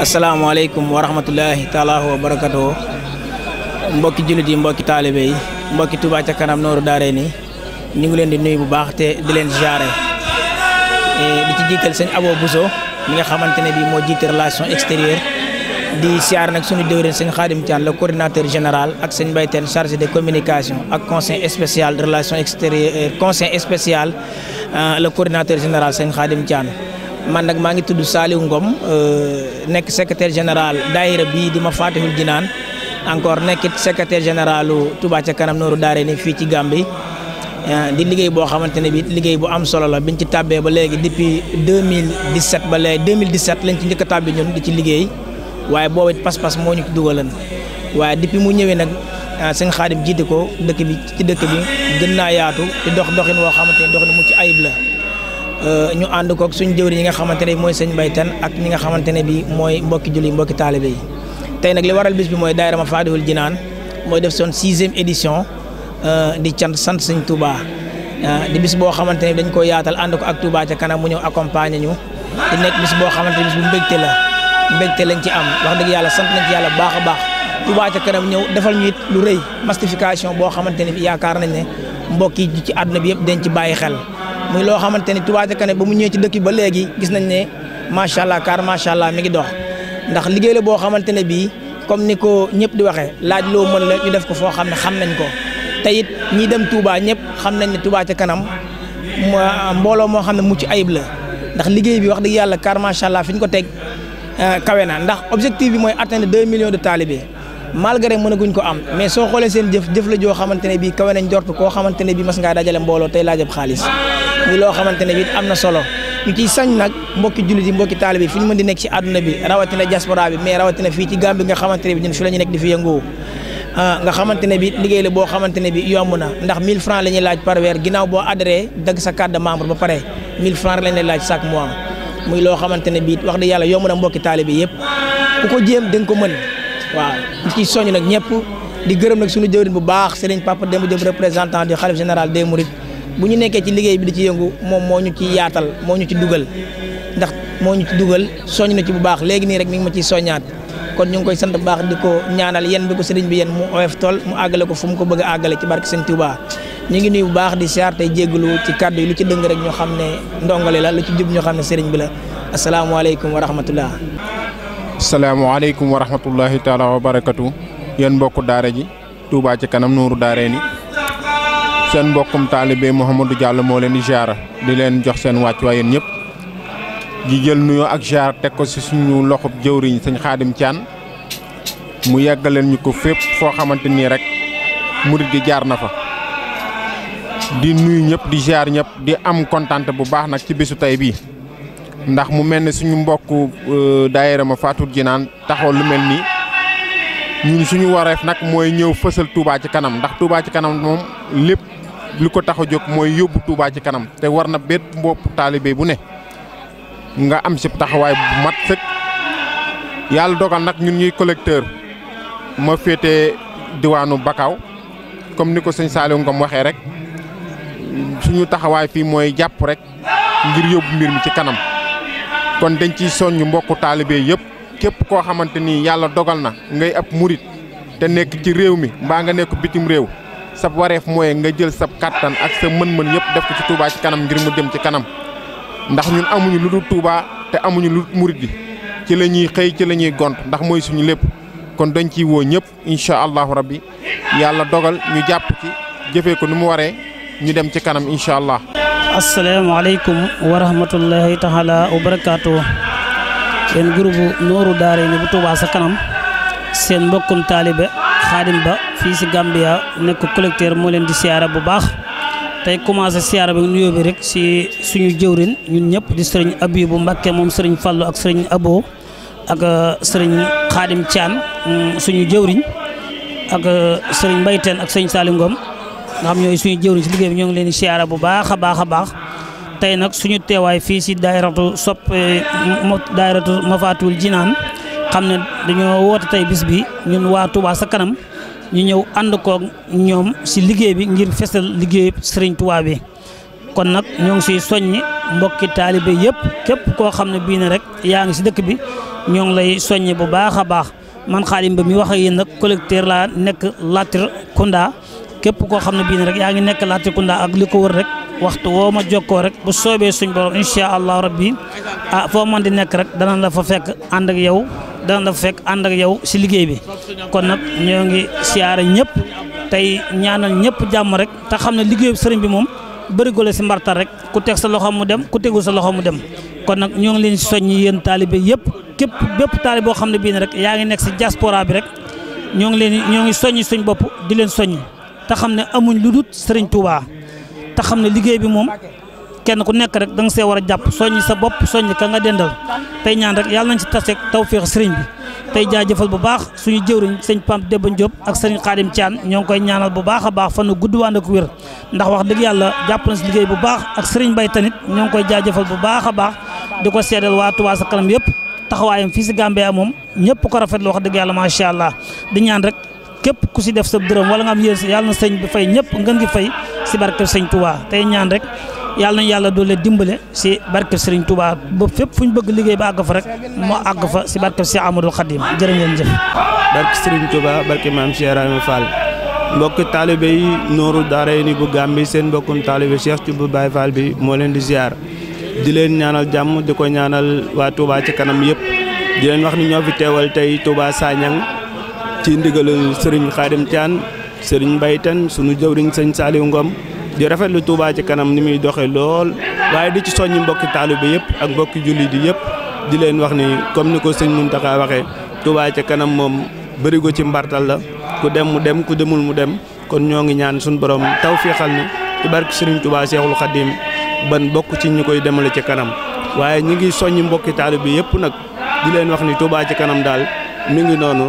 asalaamaaleykum wa rahmatullahi taala wa barakatuh mbokki jullit yi mbokki taalibe yi mbokki Touba ca kanam nooru daare ni ñu ngi leen di nuyu bu baax te di leen jaare e, di ci jiital sëñ Abo Bousso mi nga xamante ne bi moo jiite relation extérieure di siyaar nag suñu déwrén sëñ Khadim Thian le coordinateur général ak sëñ Mbaye Tène chargé de communication ak conseil spécial relation extérieure conseil spécial euh, le coordinateur général sëñ Khadim Thian man nag maa ngi tudd Saliou Ngom euh, nekk secrétaire général daayira bii di ma di naan encore nekkit secrétaire généralu Touba ca kanam nooru daare ni fii ci Gambie euh, di liggéey boo xamante ne bi liggéey bu am solo la bi biñ ci tàbbee ba léegi depuis 2017 ba léegi 2017 lañ ci njëkk a tàbbi ñun di ci liggéey waaye boobu it pas-pas moo ñu ci dugalan waaye depuis mu ñëwee nag euh, sëñ Xaadim jiite ko dëkk bi ci dëkk bi gën naa yaatu di dox doxin woo xamante ne doxin mu ci ayib Euh, ñu ànd koog suñ jëwri ñi nga xamante ne bi mooy sëñ Mbaye ak ñi nga xamante ne bi mooy mbokki julli mbokki taalibe yi tey nag li waral bis bi mooy daayira Mafaatihul Jinaan mooy def son sixième édition euh, di cant sant sëñ Touba euh, di bis boo xamante ne dañ ko yaatal ànd ko ak tubaa ca kanam mu ñëw accompagner ñu di nekk bis boo xamante ne bis bu mbégte la mbégte lañ ci am wax dëgg yàlla sant nañ ci yàlla baax a baax Touba ca kanam ñëw defal ñu it lu rëy mastification boo xamante ne yaakaar nañ ne mbokk yi ci àdduna bi yëpp dañ ci bàyyi xel muy loo xamante ni Touba ca kanam ba mu ñëwee ci dëkk ba léegi gis nañ ne macha allah car macha allah mi ngi dox ndax liggéey la boo xamante ne bii comme ni ko ñëpp di waxee laaj loo mën la ñu def ko foo xam ne xam nañ ko te it ñi dem Touba ñëpp xam nañ ne Touba ca kanam mbooloo moo xam ne mucc ayib la ndax liggéey bi wax dëgg yàlla car macha allah fi ñu ko teg euh, kawe na ndax objectif bi mooy atteindre deux millions de talibés malgré mënaguñ ko am mais soo xoolee seen jëf jëf joo xamante ne bii kawe nañ jort koo xamante ne bii mas ngaa dajale mbooloo tey laajab xaalis muy loo xamante ne bi am na solo ñu ciy sañ nag mbokki jullit yi mbokki taalibe fi ñu mën di nekk ci àdduna bi rawatina diaspora bi mais rawatina fii ci Gambie nga xamante ne bi ñun fi la ñu ah, nga xamante ne bi liggéey la boo xamante ne bi yomb na ndax 1000 francs la ñuy laaj par weer ginnaaw boo adhéré membre ba pare 1000 laaj chaque mois loo xamante ne bi wax dëgg yàlla yomb na mbokki taalibe yëpp ku ko jéem nga ko mën waaw ñu ciy soññ nag ñëpp di gërëm nag suñu jëwriñ bu baax Serigne Papa Demba Diop représentant du bu ñu nekkee ci liggéey bi di ci yëngu mom moo ñu ci yaatal ci dugal ndax moo ñu ci dugal so na ci bu baax légui ni rek mi ngi ma ci soñaat kon ñu ngi koy sant bu baax diko, ñaanal yeen bi ko sëriñ bi yeen mu OF tol mu agalé ko fu mu ko bëgg agalé ci barke sëñ Touba ñi ngi nuyu bu baax di siyaar tay jéggalu ci kàddu lu ci dëng rek ñoo xamné ndongalé la lu ci jub ñoo xamné sëriñ bi la alaykum wa rahmatullah alaykum wa rahmatullahi taala wa barakatuh yeen daraji, daara ji Touba ci kanam nuuru daare ni seen mbokkum talibé mohamadou Diallo mo len di ziar di len jox seen wàccuwaay yéen ñep gi jël nuyo ak ziar tek ko ci suñu murid jëwriñ señ khadim tian mu ñu ko fep fo xamanteni rek mouride jaar di nuyu ñep di ziar ñep di am contente bu baax nak ci bisu tay bi ndax mu melni suñu mbokk euh, daayira ma fatou Jinaan taxaw lu melni ñun suñu waref nak moy ñew Touba ci kanam ndax Touba ci kanam mom lepp li ko tax jóg mooy yóbbu Touba ci kanam te war na bépp mbopp taalibe bu ne nga am ci taxawaay bu mat sëkk yàlla dogal nag ñun ñuy collecteur ma féete diwaanu Bakaaw comme ni ko sëñ Saliou Ngom waxee rek suñu taxawaay fii mooy jàpp rek ngir yóbbu mbir mi ci kanam kon dañ ciy soññ mbokku taalibe yëpp képp koo xamante ni yàlla dogal na ngay ab murit te nekk ci réew mi mbaa nga nekk bitim réew sab wareef mooy nga jël sab kàttan ak sa mën-mën yëpp def ci Touba ci kanam ngir mu dem ci kanam ndax ñun amuñu lu dul Touba te amuñu lu dul murit gi ci la ñuy xëy ci la ñuy gont ndax mooy lépp kon dañ ciy woo ñëpp incha allahu rabbi yàlla dogal ñu jàpp ci jëfee ko ni mu waree ñu dem ci kanam incha allah. asalaamaaleykum wa rahmatullahi taala wa barakaatu. seen groupe Nooru Daara ni bu Touba sa kanam seen mbokkum taalibe xaadim ba fii si Gambia nekk collecteur moo leen di siyaara bu baax tey commencé siyaara bi nuyoo bi rek si suñu jëwrin ñun ñëpp di sëriñ bu Mbàkke moom sëriñ Fallu ak sëriñ Abo ak euh, sëriñ xaadim Thiam mm, suñu jëwriñ ak euh, sëriñ Mbayteen ak sëriñ Saali Ngom nga xam ñooy suñu jëwriñ si liggéey bi ñoo ngi leen di siyaara bu baax a baax a baax tey nag suñu teewaay fii si daayiratu sopp mm, daayiratu Mafatul Jinaan xam ne dañoo woote tey bis bi ñun waa Touba sa kanam ñu ñëw ànd kook ñoom si liggéey bi ngir fesal liggéey Serigne Touba bi kon nag ñoo ngi siy soññi mbokki taalibe yëpp képp koo xam ne bii ne rek yaa ngi si dëkk bi ñoo ngi lay soññi bu baax a baax man Khadim Ba mi wax ak yéen nag collecteur laa nekk Latrikunda képp koo xam ne bii ne rek yaa ngi nekk Latrikunda ak li ko wër rek waxtu woo ma jokkoo rek bu soobee suñ borom incha allah rabbi ah foo mën di nekk rek danañ la fa fekk ànd ak yow. dana dafa fekk ànd ak yow si liggéey bi kon nag ñoo ngi siyaare ñëpp tey ñaanal ñëpp jàmm rek te xam ne liggéeyu sëriñ bi moom bërigo la si mbartal rek ku teg sa loxo mu dem ku tegul sa loxo mu dem kon nag ñoo ngi leen si soññi yéen taalibe yëpp képp bépp taalibe boo xam ne bii ne rek yaa ngi nekk si diaspora bi rek ñoo ngi leen ñoo ngi soññi suñ bopp di leen soññ te xam ne amuñ lu dut sëriñ Touba te xam ne liggéey bi moom kenn ku nek rek dang nga wara japp a sa bop soññ ka nga dendal tay ñaan rek yalla nañ ci tassé tawfiq sëriñ bi tay jaajeufal bu baax suñu jëwriñ sëriñ pam Demba Diop ak sëriñ Khadim Thian ñong koy ñaanal bu baax a baax nu gudd waan ak wër ndax wax deug yalla japp na ci liggéey bu baax ak sëriñ bay tanit ñong koy jaajeufal bu baax baax diko ko wa tuwa sa kanam yëpp taxawaayam fii si Gambia mom ñepp ko lo wax yalla ma sha allah di ñaan rek képp ku ci def sa dërëm wala nga am yéen yalla na bi fay ñepp ngeen gi fay si barke sëriñ Touba tay ñaan rek yàlla nañu yàlla doole dimbale si barke sëriñ Touba ba fépp fu ñu bëgg liggéey ba àgg fa rek mu àgg fa si barke si Amadou Khadim jërë ngeen jëf. barke Serigne Touba barke maam Cheikh Rahma Fall mbokki taalibe yi nooru daara yi ni bu Gàmbi seen mbokkum taalibe Cheikh Touba Baye Fall bi moo leen di ziar di leen ñaanal jàmm di ko ñaanal waa Touba ci kanam yëpp di leen wax ni ñoo fi teewal tey Touba Sagnang ci ndigalul sëriñ Khadim Thian sëriñ Mbaye sunu jëwriñ sëñ Saliou Ngom. di rafetlu Touba ci kanam ni muy doxee lool waaye di ci ke talu taalibe yëpp ak mbokki julli di yëpp di leen wax ni comme ni ko sëñ Mountakha Touba ci kanam moom bërigo ci mbartal la ku dem mu dem ku demul mu dem kon ñoo ñaan borom ni ci barke Serigne Touba Cheikhul Khadim ban bokk ci ñu koy demale ci kanam so ñi ngi soññi mbokki taalibe yëpp nag di leen wax ni Touba ci kanam dal mi ngi noonu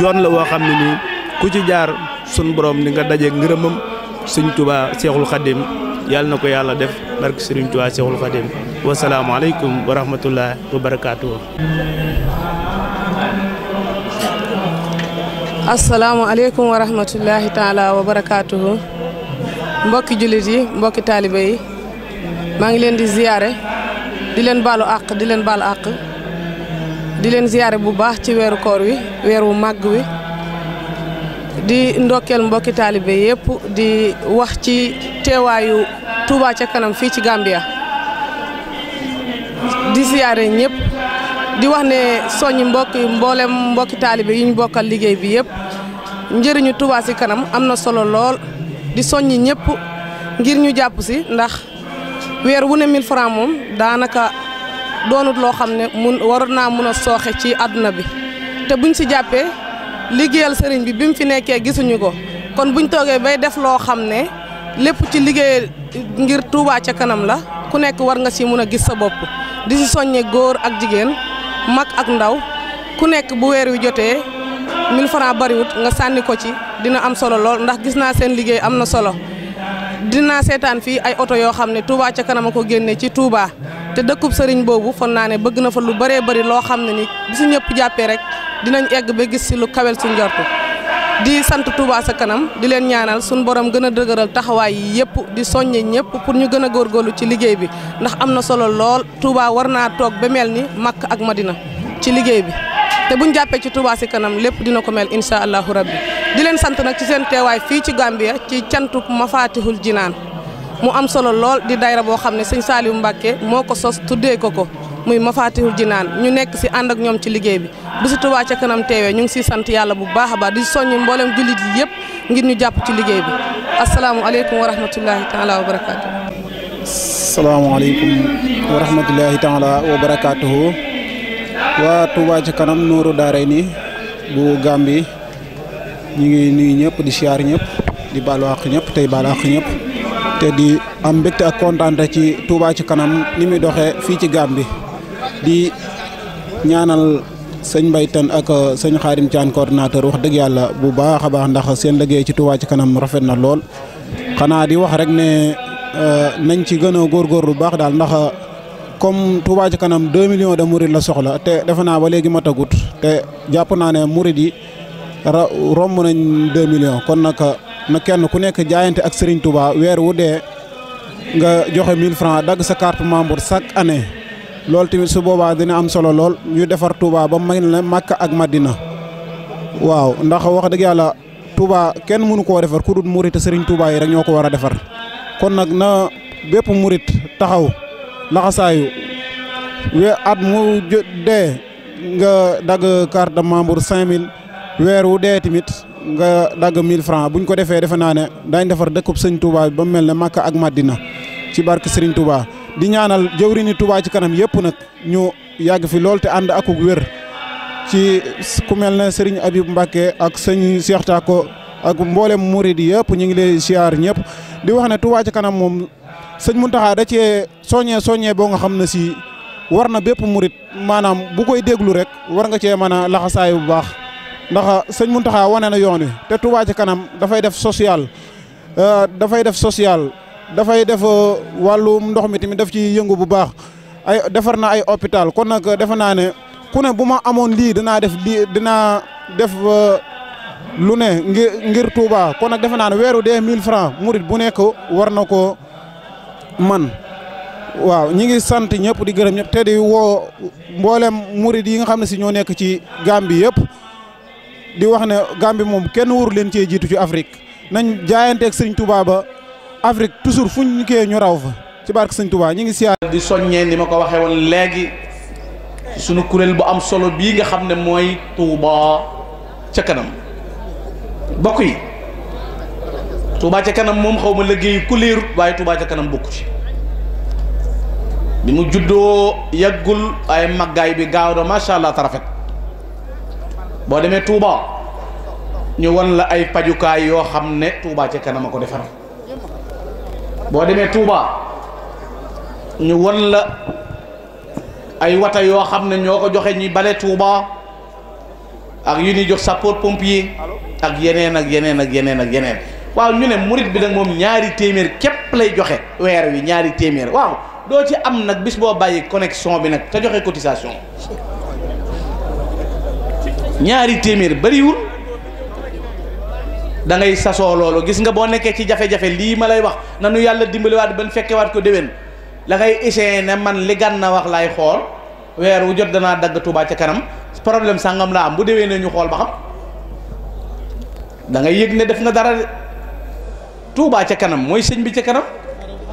yoon la woo xam ni ku ci sun borom ni nga daje sëñ Touba Seexul Xadim yàlla na ko yàlla def barke sëriñ Touba Seexul Xadim wasalaamualeykum wa rahmatullah wa barakaatu. asalaamualeykum wa rahmatullahi taala wa mbokki jullit yi mbokki taalibe yi maa ngi leen di ziyaare di leen baalu àq di leen baalu àq di leen ziyaare bu baax ci weeru koor wi weer wu màgg wi di ndokkeel mbokki taalibe yépp di wax ci teewaayu tuubaa ca kanam fii ci Gambia di siyaare ñëpp di wax ne soññ mbokki mboolem mbokki taalibe yi ñu bokkal liggéey bi yépp njëriñu tuubaa ci kanam am na solo lool di soññ ñëpp ngir ñu jàpp si ndax weer wu ne 1000 francs moom daanaka doonut loo xam ne mun waroon naa mun a sooxe ci àdduna bi te buñ si jàppee liggéeyal sëriñ bi bi mu fi nekkee gisuñu ko kon buñ toogee bay def loo xam ne lépp ci liggéey ngir Touba ca kanam la ku nekk war nga ci mun a gis sa bopp di si soññe góor ak jigéen mag ak ndaw ku nekk bu weer wi jotee 1000 francs bariwut nga sànni ko ci dina am solo lool ndax gis naa seen liggéey am na solo dinaa seetaan fii ay oto yoo xam ne Touba ca kanam a ko génne ci Touba te dëkkub sëriñ boobu fon naa ne bëgg na fa lu bëree bari loo xam ne ni bisu ñëpp jàppee rek dinañ egg ba gis si lu kawel si njortu di sant Touba sa kanam di leen ñaanal suñu borom gën a dëgëral taxawaay yi yëpp di soññe ñëpp pour ñu gën a góorlu ci liggéey bi ndax am na solo lool Touba war naa toog ba mel ni Makka ak Madina ci liggéey bi te buñ jàppee ci Touba si kanam lépp dina ko mel incha allahu rabbi di leen sant nag ci seen teewaay fii ci Gambia ci cantu Mafatihul Jinaan mu am solo lool di dayra boo xam ne sëñ Saliou Mbacke moo ko sos tuddee ko ko muy Mafatihul jinan ñu nekk si and ak ñom ci liggey bi bu si tuba ca kanam teewé ñu ngi ci sante yalla bu baaxa ba di soññ mbolam julit yi ngir ñu japp ci liggey bi alaykum wa rahmatullahi taala wa assalamu alaykum wa rahmatullahi taala wa barakatuh wa tuba ca kanam Nuuru ni bu Gambi, ñi ngi nuy ñëpp di siyaar ñëpp di baalu àq ñëpp tey baalu àq ñëpp te di am mbégte ak contante ci Touba ci kanam ni mi doxé fi ci di ñaanal sëñ Mbaye Kane ak euh, sëñ Xaadim Thian coordinateur wax dëgg yàlla bu baax a baax ndax seen liggéey ci Touba ci kanam rafet na lool xanaa di wax rek ne euh, nañ ci gën góor góorgóorlu bu baax daal ndax euh, comme Touba ci kanam 2 millions de murid la soxla te defe naa ba léegi ma tagut te jàpp naa ne murid yi romb nañ 2 million kon nag na kenn ku nekk jaayante ak Serigne Touba weer wu dee nga joxe 1000 francs dagg sa carte membre chaque année. loolu tamit su boobaa dina am solo lool ñu defar Touba ba mel na Makka ak Madina waaw ndax wax dëgg yàlla Touba kenn mënu koo defar ku dul murit sëriñ Touba yi rek ñoo ko war a defar kon nag na bépp murit taxaw laxasaayu we at mu dee nga dagg carte de membre 5000 weer wu dee tamit nga dagg 1000 francs buñ ko defee defe naa ne daañ defar dëkkub sëñ Touba ba mu mel ne Makka ak Madina ci barke Serigne Touba di ñaanal jëwriñi Touba ci kanam yëpp nag ñu yàgg fi lool te ànd akuk wér ci ku mel ne Serigne mbake ak sëñ Cheikh Tako ak mboolem murid yëpp ñu ngi lay siyaar ñëpp di wax ne Touba ci kanam moom sëñ Mountakha da cee soññee sooñe boo nga xam ne si war na bépp murid maanaam bu koy déglu rek war nga cee ma a laxasaayu bu baax ndax sëñ Mountakha wane na yoon wi te Touba ci kanam dafay def social euh, dafay def social. dafay def euh, wàllum ndox mi tamit daf ci yëngu bu baax ay defar na ay hôpital kon nag defe naa ne ku ne bu ma amoon lii dinaa def lii dinaa def euh, lu ne ngir ngir kon nag defe naa ne weeru dee mille francs murit bu nekk war na ko man waaw ñi ngi sant ñëpp di gërëm ñëpp te di woo mboolem murit yi nga xam ne si ñoo nekk ci Gambie yëpp di wax ne Gambie moom kenn wóoru leen cee jiitu ci Afrique nañ jaayanteeg Serigne Touba ba Afrique toujours fuñ ñuké ñu raw fa ci bark seigne Touba ñi ngi siar di soññee ni mako waxé won légui ci suñu kurel bu am solo bi nga xamné moy Touba ci kanam bokk yi Touba ci kanam mom xawma liggéey ku lir Touba ci kanam bokku ci bi mu ay magay bi gaaw allah tarafet bo tuba, Touba ñu won la ay pajukaay yo xamné Touba ci kanam ko boo demee Touba ñu won la ay wata yoo xam ne ñoo ko joxe ñi bale Touba ak yu ñuy jox sapeur pompier ak yeneen ak yeneen ak yeneen ak yeneen waaw ñu ne murit bi nag moom ñaari téeméer képp lay joxe weer wi ñaari téeméer waaw doo ci am nag bis boo bàyyi connexion bi nag te joxe cotisation ñaari téeméer bariwul da ngay sasoo loolu gis nga boo nekkee ci jafe-jafe lii ma lay wax nanu yàlla dimbaliwaat ban fekkewaat ko déwén la ngay essayé ne man li Gana wax laay xool weer wu jot danaa dagg Touba ca kanam problème sàngam laa am bu déwénee ñu xool ba xam da ngay ne def nga dara Touba ca kanam mooy sëñ bi ca kanam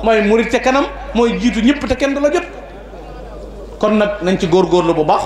mooy murit ca kanam mooy jiitu ñëpp te kenn du la jot kon nag nañ ci góorgóorlu bu baax